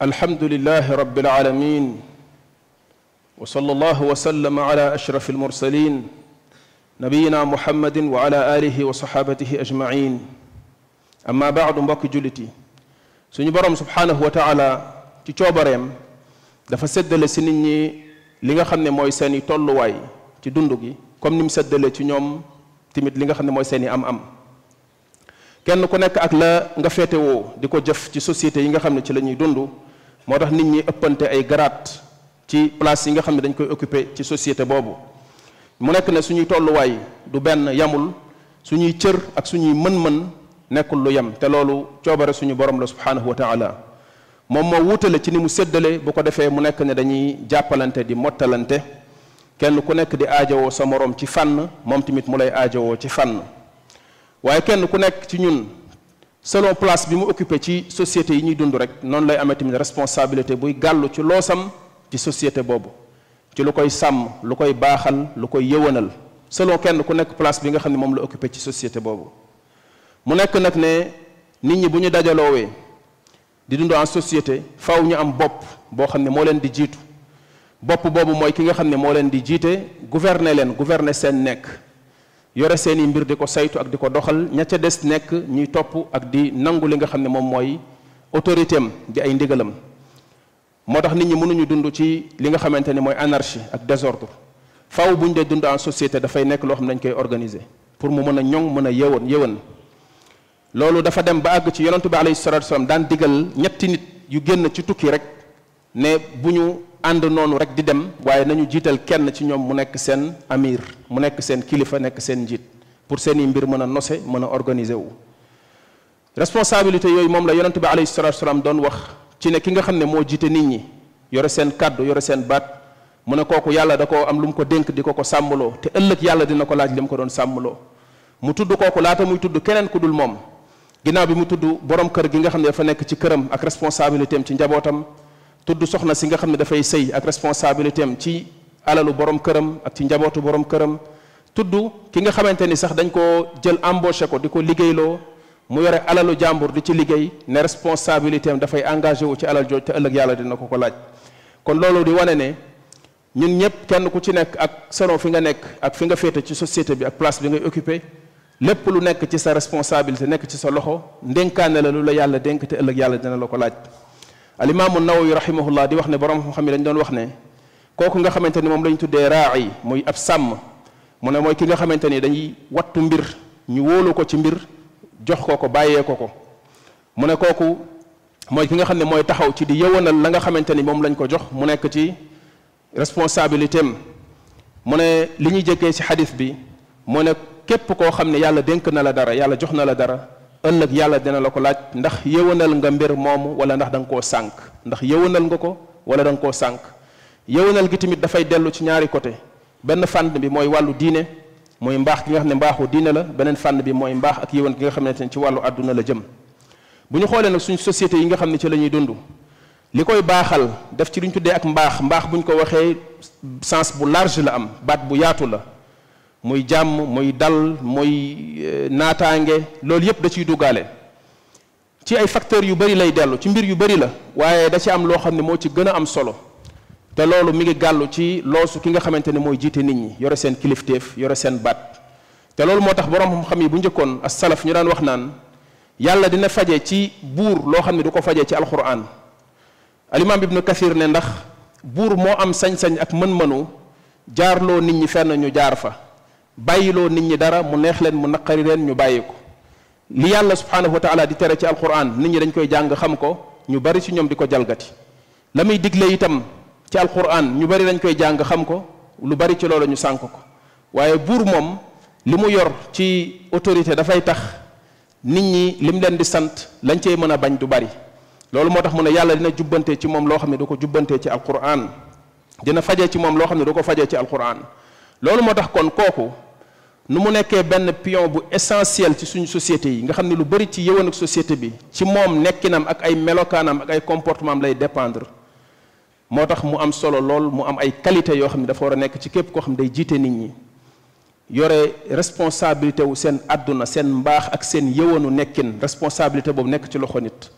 alhamdulilahi rabbil s wa sallallahu wa sallama ala ashraf almursaliin nabiyina muhammadin wa ala aalihi wa saxaabatihi ajmaciin amma baadu mbokki jullit yi suñu boroom subhaanahu wa taala ci coobareem dafa séddale si nit ñi li nga xam ne mooy seeni tolluwaay ci dund gi comme ni mu séddale ci ñoom tamit li nga xam ne mooy seeni am-am kenn ku nekk ak la nga woo di ko jëf ci société yi nga xam ne ci la ñuy dund moo tax nit ñi ëppante ay garaat ci place yi nga xam ne dañ koy occupé ci société boobu mu nekk ne suñuy tolluwaay du benn yamul suñuy cër ak suñuy mën-mën nekkul lu yem te loolu coobare suñu borom la subhanahu wa taala moom moo wutale ci ni mu séddale bu ko defee mu nekk ne dañuy jàppalante di mottalante kenn ku nekk di aajowoo sa moroom ci fànn moom tamit mu lay aajowoo ci fànn waaye kenn ku nekk ci ñun selon place bi mu occupé ci société yi ñuy dund rek noonu lay amee responsabilité buy gàllu ci loo sam ci société boobu ci lu koy sàmm lu koy baaxal lu koy yëwanal selon kenn ku nekk place bi nga xam ne moom la occupé ci société boobu mu nekk nag ne nit ñi bu ñu dajaloowee di dund en société faw ñu am bopp boo xam ne moo leen di jiitu bopp boobu mooy ki nga xam ne moo leen di jiite gouverner leen gouverner seen nekk yore seen i mbir di ko saytu ak di ko doxal ña ca des nekk ñuy topp ak di nangu li nga xam ne moom mooy autorité am di ay ndigalam moo tax nit ñi mënuñu dund ci li nga xamante ne mooy anarchie ak désordre faaw bu ñu dee dund en société dafay nekk loo xam ne dañ koy organiser pour mu mën a ñoŋ mën a yewoon yewoon loolu dafa dem ba àgg ci yonentu bi alayhi salaatu wa salaam daan digal ñetti nit yu génn ci tukki rek ne bu ñu ànd noonu rek di dem waaye nañu jiital kenn ci ñoom mu nekk seen amir mu nekk seen kilifa nekk seen njiit pour seeni mbir mën a nose mën a organiser wu responsabilité yooyu moom la yonente bi alayhi salatu salaam doon wax ci ne ki nga xam ne moo jiite nit ñi yore seen kàddu yore seen baat mu ne kooku yàlla da koo am lu mu ko dénk di ko ko sàmmaloo te ëllëg yàlla dina ko laaj li mu ko doon sàmmaloo mu tudd kooku laata muy tudd keneen ku dul moom ginnaaw bi mu tudd borom kër gi nga xam ne dafa nekk ci këram ak responsabilité am ci njabootam tudd soxna si nga xam ne dafay sëy ak responsabilité am ci alalu borom këram ak ci njabootu borom këram tudd ki nga xamante ni sax dañ koo jël embauché ko di ko liggéeyloo mu yore alalu jàmbur di ci liggéey ne responsabilité am dafay engagé wu ci alal jooj te ëllëg yàlla dina ko ko laaj kon loolu di wane ne ñun ñëpp kenn ku ci nekk ak selon fi nga nekk ak fi nga féete ci société bi ak place bi ngay occupé lépp lu nekk ci sa responsabilité nekk ci sa loxo ndénkaane la lu yàlla dénk ëllëg yàlla dina la ko laaj alimaamu nawawi rahimahullah di wax ne borom xam-xam yi dañ doon wax ne kooku nga xamante ni moom lañ tuddee raaci muy ab sàmm mu ne mooy ki nga xamante ni dañuy wattu mbir ñu wóolu ko ci mbir jox ko ko bàyyee ko mu ne kooku mooy ki nga xam ne mooy taxaw ci di yëwanal la nga xamante ni moom lañ ko jox mu nekk ci responsabilité mu ne li ñu jëkkee ci xadis bi mu ne képp koo xam ne yàlla dénk na la dara yàlla jox na la dara ëllëg yàlla dina la ko laaj ndax yëwanal nga mbir moomu wala ndax danga nga koo sànq ndax yëwanal nga ko wala danga nga koo sànq yëwanal gi tamit dafay dellu ci ñaari côté benn fànn bi mooy wàllu diine mooy mbaax gi nga xam ne mbaaxu diine la beneen fànn bi mooy mbaax ak yëwan ki nga xamante ne ci wàllu àdduna la jëm bu ñu xoolee nag suñ société yi nga xam ne ci lañuy ñuy dund li koy baaxal def ci lu ñu tuddee ak mbaax mbaax bu ñu ko waxee sens bu large la am baat bu yaatu la muy jàmm muy dal muy eh, naataange loolu yépp da ciy duggaale ci ay facteurs yu bari lay dellu ci mbir yu bari la waaye da ci am loo xam ne moo ci gën a am solo te loolu mu ngi gàllu ci loosu ki nga xamante ne mooy jiite nit ñi yore seen kilifteef yore seen baat te loolu moo tax borom xam yi bu njëkkoon as salaf ñu daan wax naan yàlla dina faje ci buur loo xam ne du ko faje ci alquran alimaam ibnu kathir ne ndax buur moo am sañ-sañ ak mën-mënu jaarloo nit ñi fenn ñu jaar fa bàyyiloo nit ñi dara mu neex leen mu naqari leen ñu bàyyi ko li yàlla subhaanahu wa taala di tere ci alquran nit ñi dañ koy jàng xam ko ñu bari ci ñoom di ko jalgati la muy digle itam ci alquran ñu bari dañ koy jàng xam ko lu bari ci loolu ñu sànk ko waaye buur moom li mu yor ci autorité dafay tax nit ñi lim leen di sant lañ cey mën a bañ du bari loolu moo tax mu ne yàlla dina jubbante ci moom loo xam ne du ko jubbante ci alquran dina faje ci moom loo xam ne du ko faje ci alquran loolu moo tax kon kooku ni mu nekkee benn pion bu essentiel ci suñu société yi nga xam ne lu bari ci yëwan ak société bi ci moom nekkinam ak ay melokaanam ak ay comportement am lay dépendre moo tax mu am solo lool mu am ay qualité yoo xam ne dafa war a nekk ci képp koo xam ne day jiite nit ñi yore responsabilité wu seen àdduna seen mbaax ak seen yëwanu nekkin responsabilité boobu nekk ci loxo nit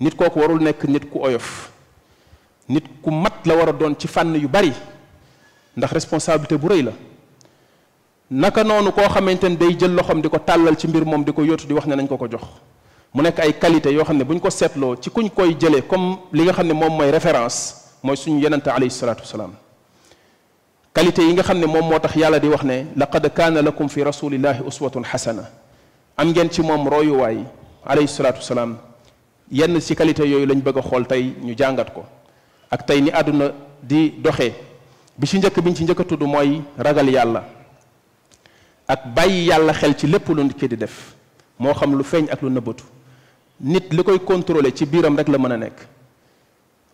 nit kooku warul nekk nit ku oyof nit ku mat la war a doon ci fànn yu bari ndax responsabilité bu rëy la naka noonu koo xamante ni day jël loxoom di ko tàllal ci mbir moom di ko yóotu di wax ne nañ ko ko jox mu nekk ay qualité yoo xam ne bu ñu ko seetloo ci kuñ koy jëlee comme li nga xam ne moom mooy référence mooy suñu yenente alayhi salaatu wasalaam qualité yi nga xam ne moom moo tax yàlla di wax ne laqad kaana lakum fi rasulillahi uswatun xasana am ngeen ci moom royuwaay alayhi salaatu wasalaam yenn ci qualité yooyu lañ bëgg xool tey ñu jàngat ko ak tey ni àdduna di doxee bi ci njëkk biñ ci njëkk tudd mooy ragal yàlla ak bàyyi yàlla xel ci lépp lu nit ki di def moo xam lu feeñ ak lu nëbbatu nit li koy contrôler ci biiram rek la mën a nekk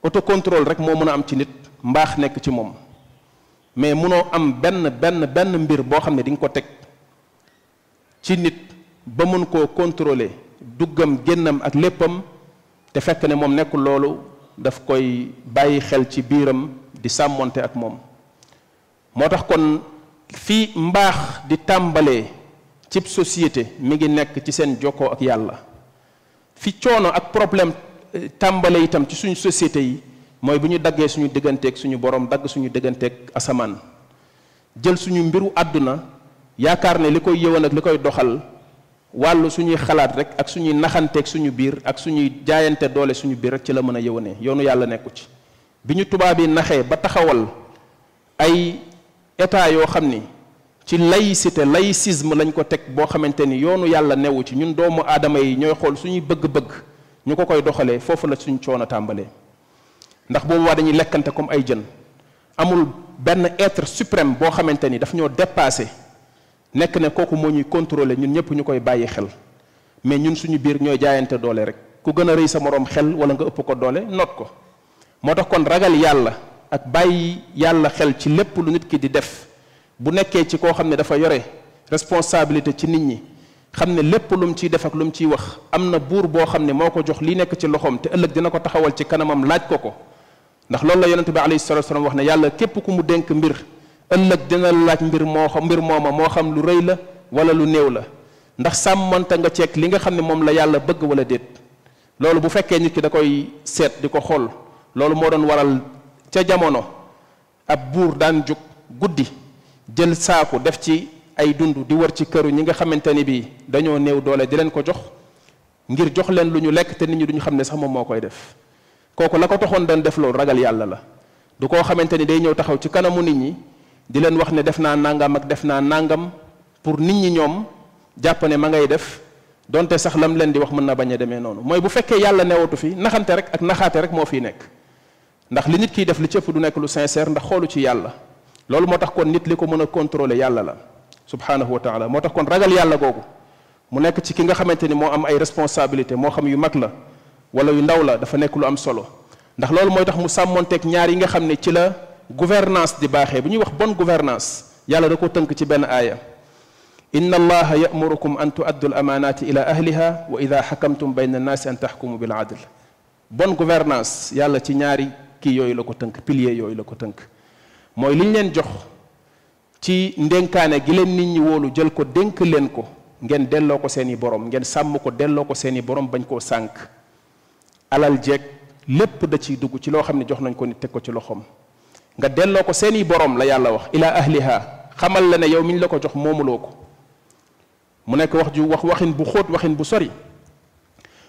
autocontrôle rek moo mën a am ci nit mbaax nekk ci moom mais munoo am benn benn benn mbir boo xam ne di nga ko teg ci nit ba mën koo contrôler duggam génnam ak léppam te fekk ne moom nekkul loolu daf koy bàyyi xel ci biiram di sàmmonte ak moom moo tax kon fi mbaax di tàmbalee cib société mi ngi nekk ci seen jokkoo ak yàlla fi coono ak problème eh, tàmbale itam ci suñu société yi mooy bu ñu daggee suñu digganteeg suñu borom dagg suñu digganteeg asamaan jël suñu mbiru àdduna yaakaar ne li koy yëwan ak li koy doxal wàllu suñuy xalaat rek ak suñuy naxanteeg suñu biir ak suñuy jaayante doole suñu biir rek ci la mën a yëwanee yoonu yàlla nekku ci bi ñu tubaab naxee ba taxawal ay état yoo xam ni ci laïcité laïcisme lañ ko teg boo xamante ni yoonu yàlla newu ci ñun doomu aadama yi ñooy xool suñuy bëgg-bëgg ñu ko koy doxalee foofu la suñ coono tàmbalee ndax boobu waa dañuy lekkante comme ay jën amul benn être suprême boo xamante ni daf ñoo dépassé nekk ne kooku moo ñuy contrôler ñun ñëpp ñu koy bàyyi xel mais ñun suñu biir ñooy jaayante doole rek ku gën a rëy sa moroom xel wala nga ëpp ko doole noot ko moo tax kon ragal yàlla ak bàyyi yàlla xel ci lépp lu nit ki di def bu nekkee ci koo xam ne dafa yore responsabilité ci nit ñi xam ne lépp lu ciy def ak lu mu ciy wax am na buur boo xam ne moo ko jox lii nekk ci loxoom te ëllëg dina ko taxawal ci kanamam laaj ko ko ndax loolu la yonente bi alayhi salatu wasalam wax ne yàlla képp ku mu dénk mbir ëllëg dina laaj mbir moo xam mbir mooma moo xam lu rëy la wala lu néew la ndax sàmmante nga ceeg li nga xam ne moom la yàlla bëgg wala déet loolu bu fekkee nit ki da koy seet di ko xool ca jamono ab buur daan jóg guddi jël saaku def ci ay dund di wër ci këru ñi nga xamante ni bii dañoo néew doole di leen ko jox ngir jox leen lu ñu lekk te nit ñi duñu xam ne sax moom moo koy def kooku la ko taxoon doon def loolu ragal yàlla la du koo xamante ni day ñëw taxaw ci kanamu nit ñi di leen wax ne def naa nangam ak def naa nangam pour nit ñi ñoom jàpp ne ma ngay def donte sax lam leen di wax mën na bañ a demee noonu mooy bu fekkee yàlla newatu fi naxante rek ak naxaate rek moo fiy nekk ndax li nit kiy def li ci ëpp du nekk lu sincère ndax xoolu ci yàlla loolu moo tax kon nit li ko mën a contrôler yàlla la subhanahu wa taala moo tax kon ragal yàlla googu mu nekk ci ki nga xamante ni moo am ay responsabilité moo xam yu mag la wala yu ndaw la dafa nekk lu am solo ndax loolu mooy tax mu sàmmonteeg ñaar yi nga xam ne ci la gouvernance di baaxee bi ñuy wax bonne gouvernance yàlla da ko tënk ci benn aaya inna allaha yamurukum an tuaddu l amanati ila ahliha wa ida xakamtum bayna annaasi an taxkumu bil adl bonne gouvernance yàlla ci ñaari kii yooyu la ko tënk pilier yooyu la ko tënk mooy li ñu leen jox ci ndénkaane gi leen nit ñi wóolu jël ko dénk leen ko ngeen delloo ko seeni borom ngeen sàmm ko delloo ko seeni borom bañ koo sànk alal jeeg lépp da ciy dugg ci loo xam ne jox nañ ko nit teg ko ci loxoom nga delloo ko seeni borom la yàlla wax ilaa ahliha xamal la ne yow mi ñu la ko jox moomuloo ko mu nekk wax ju wax waxin bu xóot waxin bu sori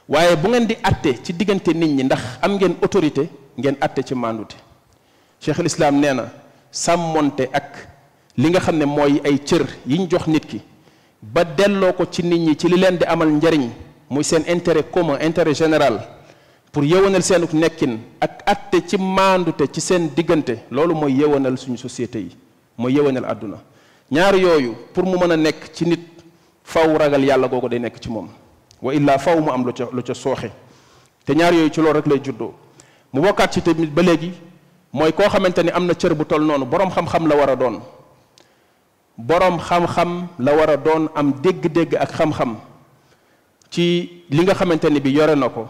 waaye bu ngeen di àtte ci diggante nit ñi ndax am ngeen autorité ngeen atte ci màndute cheikhul islam nee na sàmmoonte ak li nga xam ne mooy ay cër yiñ jox nit ki ba delloo ko ci nit ñi ci li leen di amal njariñ muy seen intérêt commun intérêt général pour yëwanal seenu nekkin ak atte ci màndute ci seen diggante loolu mooy yëwanal suñu société yi mooy yëwanal àdduna ñaar yooyu pour mu mën a nekk ci nit faw ragal yàlla googu day nekk ci moom wa illaa faw mu am lu ca lu ca sooxe te ñaar yooyu ci loolu rek lay juddoo mu bokkaat ci tamit ba léegi mooy koo xamante ni am na cër bu toll noonu boroom xam-xam la war a doon boroom xam-xam la war a doon am dégg-dégg ak xam-xam ci li nga xamante ni bi yore na ko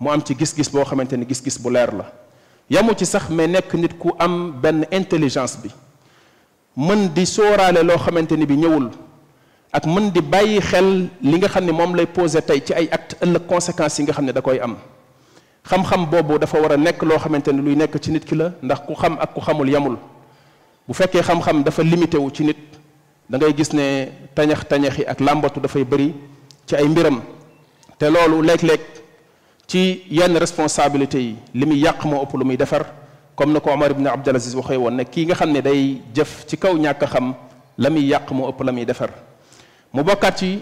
mu am ci gis-gis boo xamante ni gis-gis bu leer la yamu ci sax mais nekk nit ku am benn intelligence bi mën di sóoraale loo xamante ni bi ñëwul ak mën di bàyyi xel li nga xam ne moom lay posé tey ci ay acte ëllëg conséquences yi nga xam ne da koy am xam-xam boobu dafa war a nekk loo xamante ne luy nekk ci nit ki la ndax ku xam ak ku xamul yamul bu fekkee xam-xam dafa limité wu ci nit da ngay gis ne tañax tañaxi ak làmbatu dafay bëri ci ay mbiram te loolu lekk lekk ci yenn responsabilité yi li muy yàq moo ëpp lu muy defar comme na ko Omar ibn Abdul Aziz waxee woon ne kii nga xam ne day jëf ci kaw ñàkk xam la muy yàq moo ëpp la muy defar mu bokkaat ci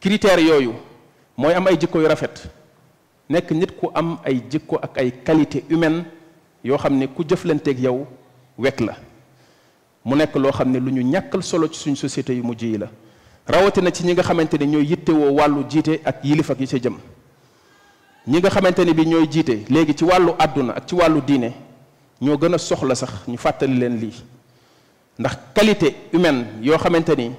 critères yooyu mooy am ay jikko yu rafet nekk nit ku am ay jikko ak ay qualité humaine yoo xam ne ku jëflanteek yow wekk la mu nekk loo xam ne lu ñu ñàkkal solo ci suñ société yu mu mujj yi la rawatina ci ñi nga xamante ne ñooy yittewoo wàllu jiite ak yilif ak yi ca jëm ñi nga xamante ne bi ñooy jiite léegi ci wàllu àdduna ak ci wàllu diine ñoo gën a soxla sax ñu fàttali leen lii ndax qualité humaine yoo xamante ni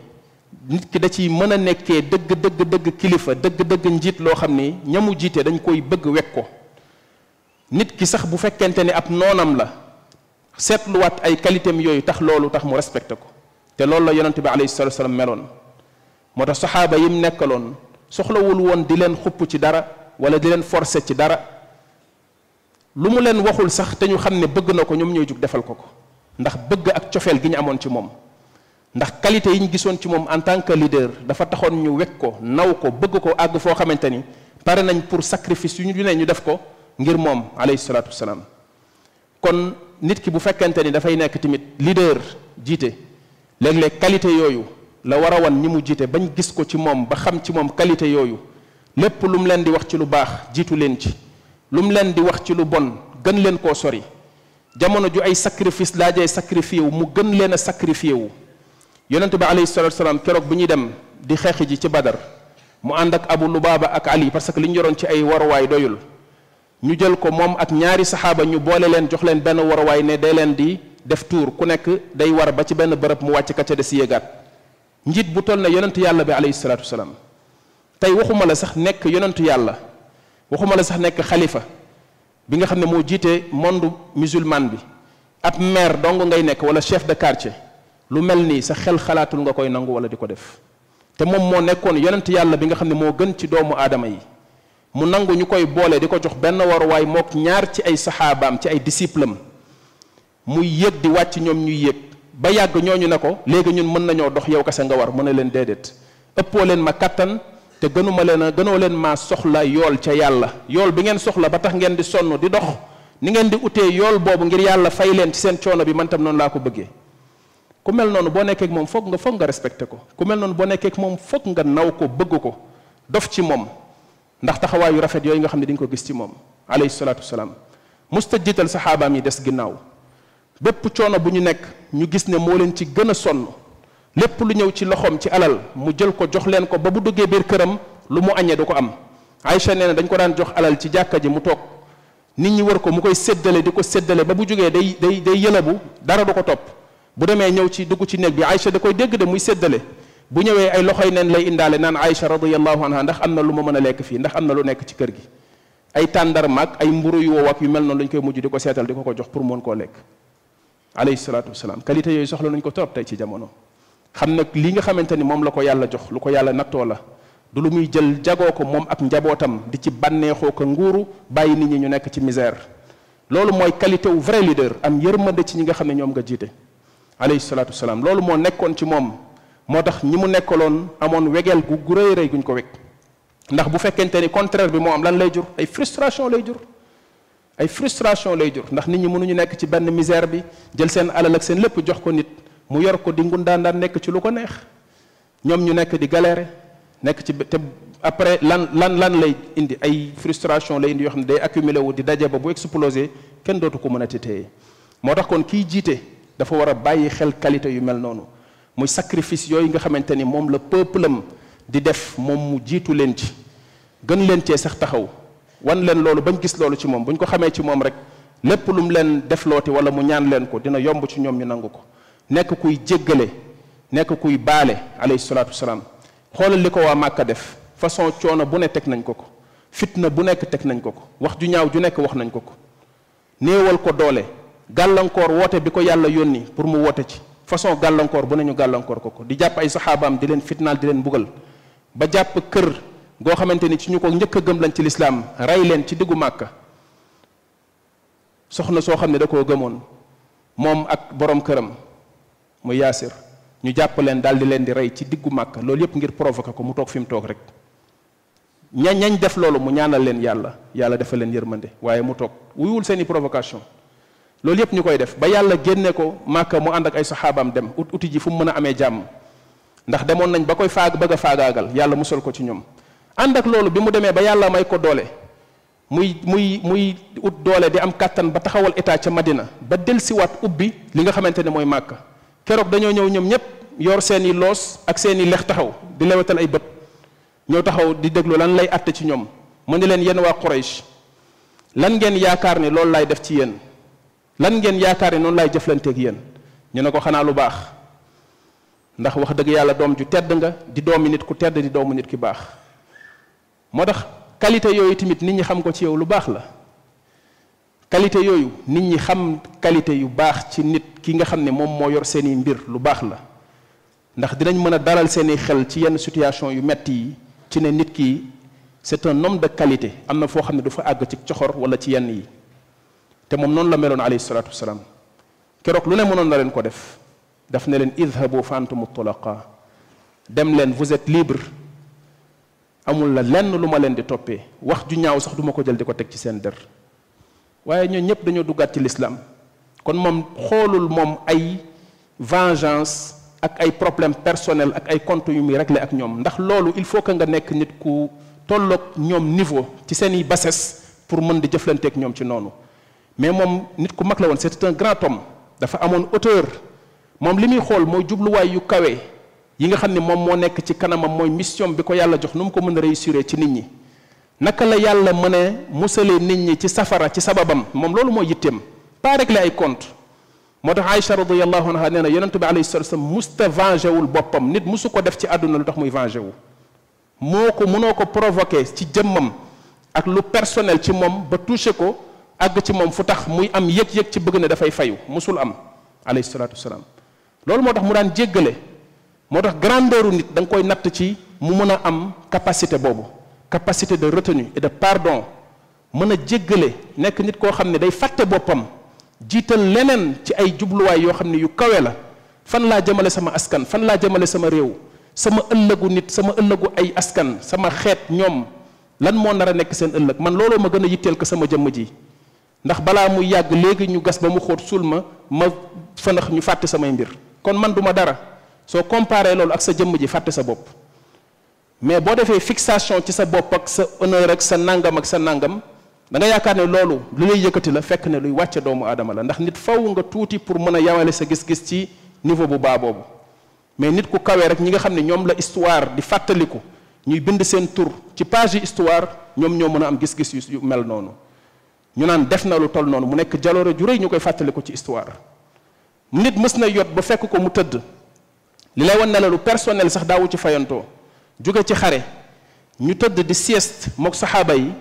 nit ki da ci mën a nekkee dëgg dëgg dëgg kilifa dëgg dëgg njiit loo xam ni ñamu jiite dañ koy bëgg wekk ko nit ki sax bu fekkente ni ab noonam la seetluwaat ay qualité yooyu tax loolu tax mu respecté ko te loolu la yonente bi alayhi salatu salaam meloon moo tax saxaaba yi mu nekkaloon soxlawul woon di leen xupp ci dara wala di leen forcé ci dara lu mu leen waxul sax te ñu xam ne bëgg na ko ñoom ñooy jug defal ko ko ndax bëgg ak cofeel gi ñu amoon ci moom ndax qualité yi ñu gisoon ci moom en tant que leader dafa taxoon ñu wekk ko naw ko bëgg ko àgg foo xamante ni pare nañ pour sacrifice yu ñu du ne ñu def ko ngir moom alayhi salaatu wasalaam kon nit ki bu fekkente ni dafay nekk tamit leader jiite léeg-léeg qualité yooyu la war a wan ñi mu jiite bañ gis ko ci moom ba xam ci moom qualité yooyu lépp lu mu leen di wax ci lu baax jiitu leen ci lu mu leen di wax ci lu bon gën leen koo sori jamono ju ay sacrifice laajee sacrifié wu mu gën leen a sacrifié wu yonente bi alayhi salatu salaam keroog bu ñuy dem di xeex ji ci badar mu ànd ak abu baaba ak ali parce que li ñu yoroon ci ay waruwaay doyul ñu jël ko moom ak ñaari saxaaba ñu boole leen jox leen benn waruwaay ne day leen di def tuur ku nekk day war ba ci benn bërëb mu wàcc ka ca des yéegaat njiit bu toll ne yonent yàlla bi alayhi salatu salaam tey waxuma la sax nekk yonentu yàlla waxuma la sax nekk xalifa bi nga xam ne moo jiite monde musulman bi ab maire dong ngay nekk wala chef de quartier lu mel nii sa xel xalaatul nga koy nangu wala di ko def te moom moo nekkoon yonent yàlla bi nga xam ne moo gën ci doomu aadama yi mu nangu ñu koy boole di ko jox benn waruwaay mook ñaar ci ay saxaabaam ci ay disiplam muy yéeg di wàcc ñoom ñu yéeg ba yàgg ñooñu ne ko léegi ñun mën nañoo dox yow kese nga war mu ne leen déedéet ëppoo leen ma kàttan te gënuma leen a gënoo leen ma soxla yool ca yàlla yool bi ngeen soxla ba tax ngeen di sonn di dox ni ngeen di utee yool boobu ngir yàlla fay leen ci seen coono bi man noonu laa ko bëggee ku mel noonu boo nekkee ak moom foog nga foog nga respecté ko ku mel noonu boo nekkee ak moom foog nga naw ko bëgg ko dof ci moom ndax taxawaayu rafet yooyu nga xam ne di ko gis ci moom alayhi salaatu wasalaam musta jiital saxaabaam yi des ginnaaw bépp coono bu ñu nekk ñu gis ne moo leen ci gën a sonn lépp lu ñëw ci loxoom ci alal mu jël ko jox leen ko ba bu duggee biir këram lu mu añee du ko am Aïcha nee na dañ ko daan jox alal ci jàkka ji mu toog nit ñi wër ko mu koy séddale di ko séddale ba bu jógee day day day yëlabu dara du ko topp bu demee ñëw ci dugg ci néeg bi Aïcha da koy dégg de muy séddale bu ñëwee ay loxoy neen lay indaale naan Aïcha radiyallahu anha ndax am na lu ma mën a lekk fii ndax am na lu nekk ci kër gi ay tàndarma ak ay mburu yu wow ak yu mel noonu lañ koy mujj di ko seetal di ko ko jox pour mën koo lekk alayhi salaatu wasalaam qualité yooyu soxla nañ ko torop tey ci jamono xam nag li nga xamante ni moom la ko yàlla jox lu ko yàlla nattoo la du lu muy jël jagoo ko moom ak njabootam di ci bànneexoo ko nguuru bàyyi nit ñi ñu nekk ci misère loolu mooy qualité wu vrai leader am yërmande ci ñi nga xam ne nga jiite alayhi salaatu wa salaam loolu moo nekkoon ci moom moo tax ñi mu nekkaloon amoon wegeel gu gu rëy ko weg ndax bu fekkente ni contraire bi moo am lan lay jur ay frustration lay jur ay frustration lay jur ndax nit ñi mënuñu nekk ci benn misère bi jël seen alal ak seen lépp jox ko nit mu yor ko di ngundaan daan nekk ci lu ko neex ñoom ñu nekk di galérer nekk ci te après lan lan lan lay indi ay frustration lay indi yoo xam ne day accumulé wu di daje ba bu explosé kenn dootu ko mën a téye moo tax kon kiy jiite. dafa war a bàyyi xel qualité yu mel noonu muy sacrifice yooyu nga xamante ni moom la peuple am di def moom mu jiitu leen ci gën leen cee sax taxaw wan leen loolu bañ gis loolu ci moom buñ ko xamee ci moom rek lépp lu mu leen deflooti wala mu ñaan leen ko dina yomb ci ñoom ñu nangu ko nekk kuy jéggale nekk kuy baale alayhi salaatu wasalaam xoolal li ko waa Màkka def façon coono bu ne teg nañ ko ko fitna bu nekk teg nañ ko ko wax ju ñaaw ju nekk wax nañ ko ko néewal ko doole gàllankoor woote bi ko yàlla yónni pour mu woote ci façon gàllankoor bu nañu gàllankoor ko ko di jàpp ay saxaabaam di leen fitnaal di leen bugal ba jàpp kër goo xamante ni ci ñu ko njëkk a gëm lañ ci lislaam rey leen ci diggu màkka soxna soo xam ne da koo gëmoon moom ak boroom këram mu yaasir ñu jàpp leen daal di leen di rey ci diggu màkka loolu yépp ngir provoqué ko mu toog fi mu toog rek ñañ ñañ def loolu mu ñaanal leen yàlla yàlla dafa leen yërmande waaye mu toog wuyuwul seeni provocation loolu yëpp ñu koy def ba yàlla génnee ko màkka mu ànd ak ay saxaabaam dem ut uti ji fu mu mën a amee jàmm ndax demoon nañ ba koy faag bëgg a faagaagal yàlla musal ko ci ñoom ànd ak loolu bi mu demee ba yàlla may ko doole muy muy muy ut doole di am kàttan ba taxawal état ca Madina ba delsiwaat ubbi li nga xamante ne mooy màkka keroog dañoo ñëw ñoom ñëpp yor seeni loos ak seen i lex taxaw di lewetal ay bët ñoo taxaw di déglu lan lay àtte ci ñoom mu ne leen yéen waa Quraysh ngeen yaakaar ne loolu laay def ci yéen lan ngeen yaakaar ne noonu laay jëflanteek yéen ñu ne ko xanaa lu baax ndax wax dëgg yàlla doom ju tedd nga di doomi nit ku tedd di doomu nit ki baax moo tax qualité yooyu tamit nit ñi xam ko ci yow lu baax la qualité yooyu nit ñi xam qualité yu baax ci nit ki nga xam ne moom moo yor seeni mbir lu baax la ndax dinañ mën a dalal seeni xel ci yenn situation yu metti yi ci ne nit ki c'est un homme de qualité am na foo xam ne du fa àgg ci coxor wala ci yenn yi te moom noonu la meloon alayhi salaatu wasalaam keroog lu ne mënoon na leen ko def daf ne leen idhabu fa antumu tulaqa dem leen vous êtes libre amul la lenn lu ma leen di toppee wax ju ñaaw sax duma ko jël di ko teg ci seen dër waaye ñoo ñëpp dañoo duggaat ci lislaam kon moom xoolul moom ay vengeance ak ay problème personnel ak ay compte yu muy réglé ak ñoom ndax loolu il faut que nga nekk nit ku tollook ñoom niveau ci seen i bassesse pour mën di jëflanteeg ñoom ci noonu mais moom nit ku mag la woon c'est un grand homme dafa amoon hauteur moom li muy xool mooy jubluwaay yu kawe yi nga xam ne moom moo nekk ci kanamam mooy mission bi ko yàlla jox nu mu ko mën a réussir ci nit ñi naka la yàlla mën a musalee nit ñi ci safara ci sababam moom loolu mooy yitteem pas régler ay compte moo tax Aïcha radiyallahu anha nee na yonente bi alayhi sa wasallam musta vengé wul boppam nit musu ko def ci àdduna lu tax muy vengé wu moo ko mënoo ko provoqué ci jëmmam ak lu personnel ci moom ba ko àgg ci moom fu tax muy am yëg-yëg ci bëgg ne dafay fayu mosul am alayhi salaatu wasalaam loolu moo tax mu daan jéggale moo tax grandeuru nit danga koy natt ci mu mën a am capacité boobu capacité de retenue et de pardon mën a jéggale nekk nit koo xam ne day fàtte boppam jiital leneen ci ay jubluwaay yoo xam ne yu kawe la fan laa jëmale sama askan fan laa jëmale sama réew sama ëllëgu nit sama ëllëgu ay askan sama xeet ñoom lan moo nar a nekk seen ëllëg man looloo ma gën a yitteel ko sama jëmm ji ndax balaa mu yàgg léegi ñu gas ba mu xóot suul ma ma fanax ñu fàtte samay mbir kon man du ma dara soo comparé loolu ak sa jëmm ji fàtte sa bopp mais boo defee fixation ci sa bopp ak sa honneur ak sa nangam ak sa nangam danga yaakaar ne loolu lu lay yëkkati la fekk ne luy wàcce doomu aadama la ndax nit faw nga tuuti pour mën a yamale sa gis-gis ci niveau bu baa boobu mais nit ku kawee rek ñi nga xam ne ñoom la histoire di fàttaliku ñuy bind seen tur ci page yi histoire ñoom ñoo mën a am gis-gis yu mel noonu ñu naan def na lu toll noonu mu nekk jaloore ju rëy ñu koy ko ci histoire nit mës na yot ba fekk ko mu tëdd li lay wan ne la lu personnel sax daawu ci fayantoo jóge ci xare ñu tëdd di sieste mook saxaaba yi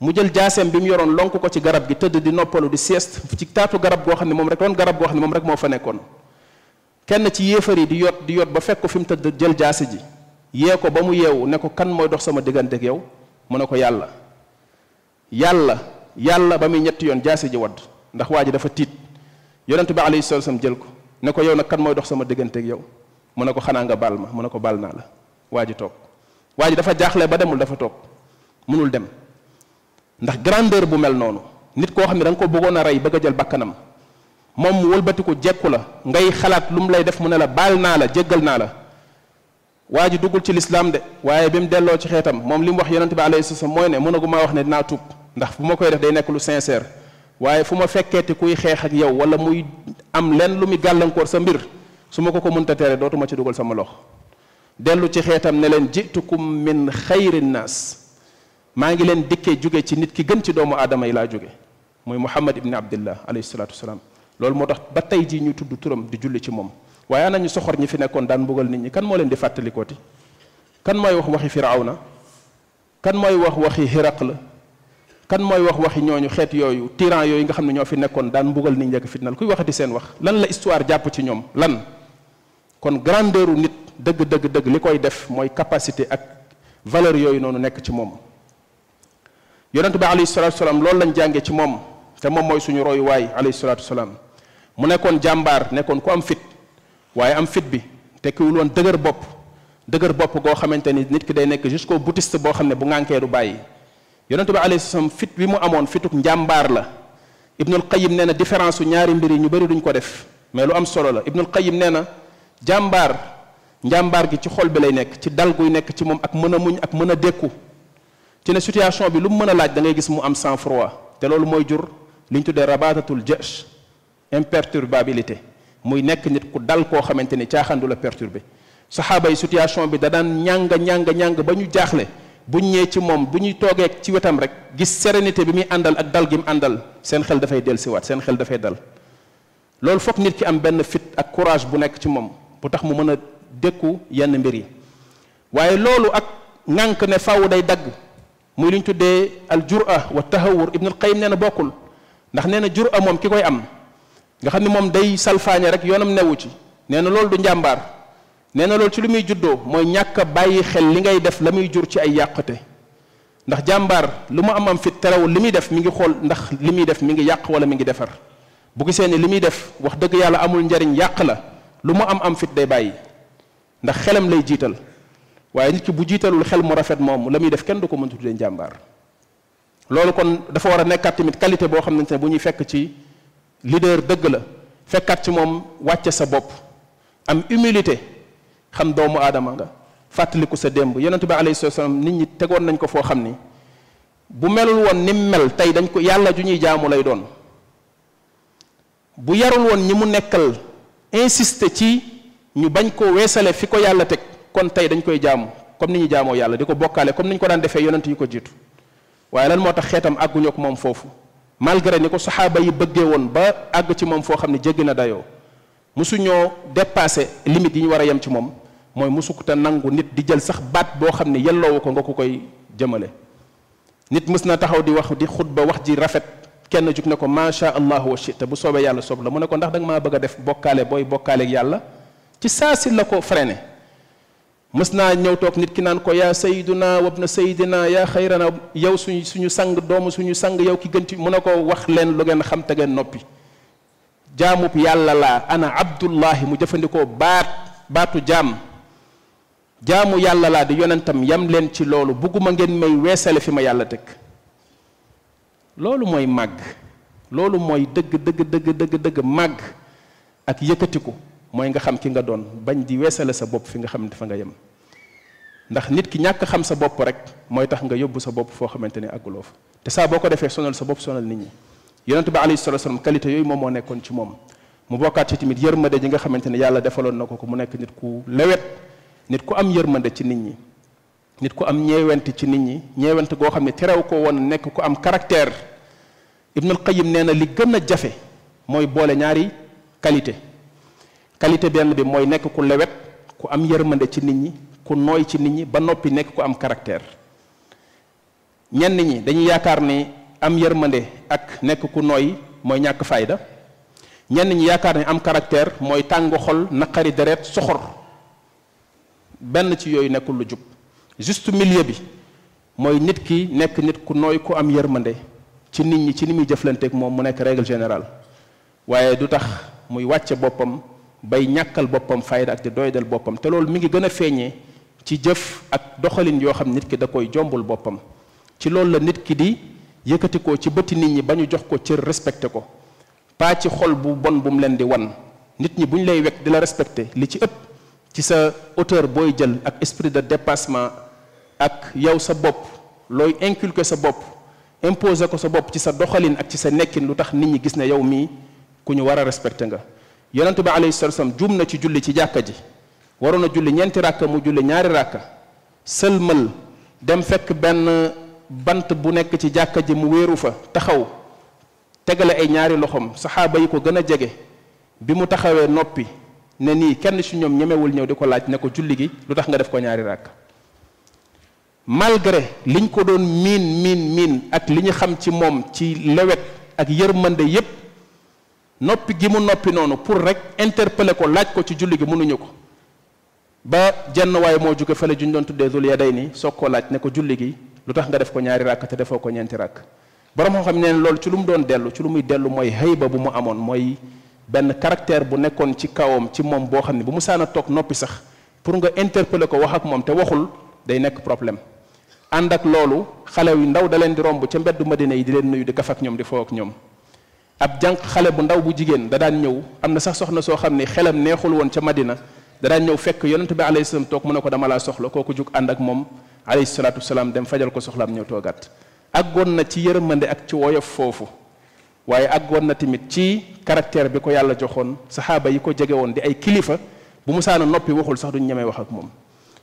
mu jël jaaseem bi mu yoroon lonk ko ci garab gi tëdd di noppalu di sieste ci taatu garab goo xam ne moom rek doon garab goo xam ne moom rek moo fa nekkoon kenn ci yéefar di yot di yot ba fekk ko fi mu tëdd jël jaase ji yee ko ba mu yeewu ne ko kan mooy dox sama diggante yow mu ne ko yàlla yàlla yàlla ba muy ñetti yoon jaasi ji wadd ndax waa ji dafa tiit yonent bi alayhi salaatu wasallam jël ko ne ko yow nag kan mooy dox sama digganteeg yow mu ne ko xanaa nga baal ma mu ne ko baal naa la waa ji toog waa dafa jaaxle ba demul dafa toog mënul dem ndax grandeur bu mel noonu nit koo xam ne da nga bëggoon a rey bëgg jël bakkanam moom mu wëlbatiku jekku la ngay xalaat lu mu lay def mu ne la baal naa la jéggal naa la waa ji duggul ci lislaam de waaye bi mu delloo ci xeetam moom li mu wax yonent bi alayhi salaam mooy ne mënaguma wax ne dinaa tuub ndax bu ma koy def day nekk lu sincère waaye fu ma fekkeeti kuy xeex ak yow wala muy am lenn lu muy gàllankoor sa mbir su ma ko ko mënta tere dootuma ci dugal sama loxo dellu ci xeetam ne leen jitukum min xayri naas maa ngi leen dikkee jóge ci nit ki gën ci doomu aadama yi laa jóge muy muhammad ibni abdillah alayhi salaatu wasalaam loolu moo tax ba tey jii ñu tudd turam di julli ci moom waaye anañu soxor ñi fi nekkoon daan mbugal nit ñi kan moo leen di fàttalikooti kan mooy wax waxi firawna kan mooy wax waxi hiraq la kan mooy wax waxi ñu xeet yooyu tyran yooyu nga xam ne ñoo fi nekkoon daan mbugal nit ñi ak fitnal kuy waxati seen wax lan la histoire jàpp ci ñoom lan kon grandeuru nit dëgg dëgg dëgg li koy def mooy capacité ak valeur yooyu noonu nekk ci moom yonent bi alayhi salatu salaam loolu lañ jàngee ci moom te moom mooy suñu royu waay alayhi salatu salaam mu nekkoon jàmbaar nekkoon ku am fit waaye am fit bi te kiwul woon dëgër bopp dëgër bopp goo xamante ni nit ki day nekk jusqu'au boutiste boo xam ne bu ngànkee du bàyyi yonente bi alayhi salaam fit bi mu amoon fituk njàmbaar la ibnul qayim nee na différence su ñaari mbir yi ñu bëri duñ ko def mais lu am solo la ibnul qayim nee na jàmbaar njàmbaar gi ci xol bi lay nekk ci dal guy nekk ci moom ak mën a muñ ak mën a dékku ci ne situation bi lu mu mën a laaj da ngay gis mu am sang froid te loolu mooy jur li ñu tuddee rabatatul jesh imperturbabilité muy nekk nit ku dal koo xamante ni caaxaan du la perturbé saxaaba yi situation bi da daan ñàng ñàng ñàng ba ñu jaaxle buñ ñëwee ci moom bu ñuy toogee ci wetam rek gis sérénité bi muy àndal ak dal gi mu àndal seen xel dafay dellusiwaat seen xel dafay dal loolu foog nit ki am benn fit ak courage bu nekk ci moom bu tax mu mën a dëkku yenn mbir yi waaye loolu ak ŋànk ne faw day dagg muy lu ñu tuddee al jura wa tahawur ibnul qayim nee na bokkul ndax nee na jura moom ki koy am nga xam ne moom day salfaañe rek yoonam newu ci nee na loolu du njàmbaar nee na loolu ci li muy juddoo mooy ñàkk bàyyi xel li ngay def la muy jur ci ay yàqute ndax jàmbaar lu mu am am fit terewul li muy def mi ngi xool ndax li muy def mi ngi yàq wala mi ngi defar bu gisee ni li muy def wax dëgg yàlla amul njariñ yàq la lu mu am am fit day bàyyi ndax xelam lay jiital waaye nit ki bu jiitalul xel mu rafet moom la muy def kenn du ko mën tuddee jàmbaar loolu kon dafa war a nekkaat tamit qualité boo xam ne bu ñuy fekk ci leader dëgg la fekkaat ci moom wàcce sa bopp am humilité xam doomu aadama nga fàttaliku sa démb yonentu bi alayhi salaam nit ñi tegoon nañ ko foo xam ni bu melul woon ni mel tey dañ ko yàlla ju ñuy jaamu lay doon bu yarul woon ñi mu nekkal insisté ci ñu bañ ko weesale fi ko yàlla teg kon tey dañ koy jaamu comme ni ñu jaamoo yàlla di ko bokkaale comme ni ñu ko daan defee yonent yi ko jiitu waaye lan moo tax xeetam àgguñoo ko moom foofu malgré ni ko saxaaba yi bëggee woon ba àgg ci moom foo xam ne jéggi na dayoo mosuñoo dépassé limite yi ñu war a yem ci moom mooy musukuta nangu nit di jël sax baat boo xam ne yelloowu ko nga ko koy jëmale nit mës na taxaw di wax di xutba wax ji rafet kenn jug ne ko macha allah wa shita bu soobee yàlla soob la mu ne ko ndax danga maa bëgg a def bokkaale booy bokkaale yàlla ci saa si la ko freiné mës naa ñëw toog nit ki naan ko yaa na wabna sayyidina yaa xayrana yow suñu suñu sang doomu suñu sang yow ki gën ci mu ne ko wax leen lu ngeen xam te ngeen noppi jaamub yàlla laa ana abdullahi mu jëfandikoo baat baatu jaam jaamu yàlla laa di yonentam yam leen ci loolu bugguma ngeen may weesale fi ma yàlla teg loolu mooy màgg loolu mooy dëgg dëgg dëgg dëgg dëgg màgg ak yëkkatiku mooy nga xam ki nga doon bañ di weesale sa bopp fi nga xam ne fa nga yem ndax nit ki ñàkk xam sa bopp rek mooy tax nga yóbbu sa bopp foo xamante ne àgguloo fa te saa boo ko defee sonal sa bopp sonal nit ñi yonent bi alayhi salatu wasallam qualité yooyu moom moo nekkoon ci moom mu bokkaat ci tamit yërmande ji nga xamante ne yàlla defaloon na ko ko mu nekk nit ku nit ku am yërmande ci nit ñi nit ku am ñeewent ci nit ñi ñeewent goo xam ne terew ko woon nekk ku am caractère Ibnul Qayyim nee na li gën a jafe mooy boole ñaari qualité qualité benn bi mooy nekk ku lewet ku am yërmande ci nit ñi ku nooy ci nit ñi ba noppi nekk ku am caractère ñenn ñi dañuy yaakaar ni am yërmande ak nekk ku nooy mooy ñàkk fayda ñenn ñi yaakaar ni am caractère mooy tàng xol naqari deret soxor benn ci yooyu nekkul lu jub juste milieu bi mooy nit ki nekk nit ku nooy ku am yërmande ci nit ñi ci ni muy jëflanteeg moom mu nekk règle générale waaye du tax muy wàcce boppam bay ñàkkal boppam fayda ak di doydal boppam te loolu mi ngi gën a feeñee ci jëf ak doxalin yoo xam nit ki da koy jombul boppam ci loolu la nit ki di yëkkati ko ci bëtt nit ñi ba ñu jox ko cër respecté ko pas ci xol bu bon bu mu leen di wan nit ñi bu ñu lay wekk di la respecté li ci ëpp ci sa hauteur booy jël ak esprit de dépassement ak yow sa bopp looy inculquer sa bopp imposer ko sa bopp ci sa doxalin ak ci sa nekkin lu tax nit ñi gis ne yow mii ku ñu war a respecté nga yonent bi alayhi salatu wasallam juum na ci julli ci jàkka ji waroon a julli ñeenti ràkka mu julli ñaari ràkka sëlmal dem fekk benn bant bu nekk ci jàkka ji mu wéeru fa taxaw tegale ay ñaari loxoom saxaaba yi ko gën a jege bi mu taxawee noppi ne nii kenn si ñoom ñemewul ñëw di ko laaj ne ko julli gi lu tax nga def ko ñaari ràkk malgré liñ ko doon miin miin miin ak li ñu xam ci moom ci lewet ak yërmande yépp noppi gi mu noppi noonu pour rek interpeller ko laaj ko ci julli gi mënuñu ko ba jenn moo jóge fële juñ doon tuddee dul yaday ni soog koo laaj ne ko julli lu tax nga def ko ñaari ràkk te defoo ko ñeenti ràkk borom moo xam ne loolu ci lu mu doon dellu ci lu muy dellu mooy hayba bu mu amoon mooy benn caractère bu nekkoon ci kawam ci moom boo xam ne bu mu saan toog noppi sax pour nga interpeller ko wax ak moom te waxul day nekk problème ànd ak loolu xale yu ndaw da leen di romb ca mbeddu Madina yi di leen nuyu di kaf ak ñoom di foo ñoom ab jànq xale bu ndaw bu jigéen da daan ñëw am na sax soxna soo xam ne xelam neexul woon ca Madina da daan ñëw fekk yonent bi alayhi salaam toog mu ne ko dama laa soxla koo ko jug ànd ak moom alayhi salaatu wasalaam dem fajal ko soxlaam ñëw toogaat àggoon na ci yërmande ak ci woyof foofu waaye àggoon na tamit ci caractère bi ko yàlla joxoon saxaaba yi ko jege woon di ay kilifa bu musaana noppi waxul sax duñ ñemee wax ak moom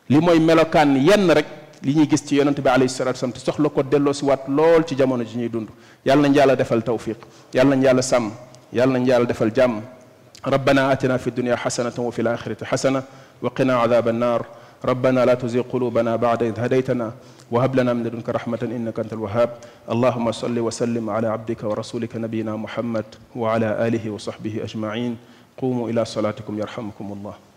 li mooy melokaan yenn rek li ñuy gis ci yonante bi alayhi salatu wasallam soxla ko delloo si waat lool ci jamono ji ñuy dund yàlla nañ yàlla defal tawfiq yàlla nañ yàlla sàmm yàlla nañ yàlla defal jàmm rabbana atina fi dunia xasanatan wa fi l axirati xasana wa qina adaba naar rabbana la tuzig qulubana bada id hadaytana wa hab lana min ladunka rahmatan innaka anta alwahab allahuma salli wa sallim ala abdika wa rasulika nabiyina muhammad wa ala alihi wa sahbihi ajmain qumu ila salatikum yarhamukum allah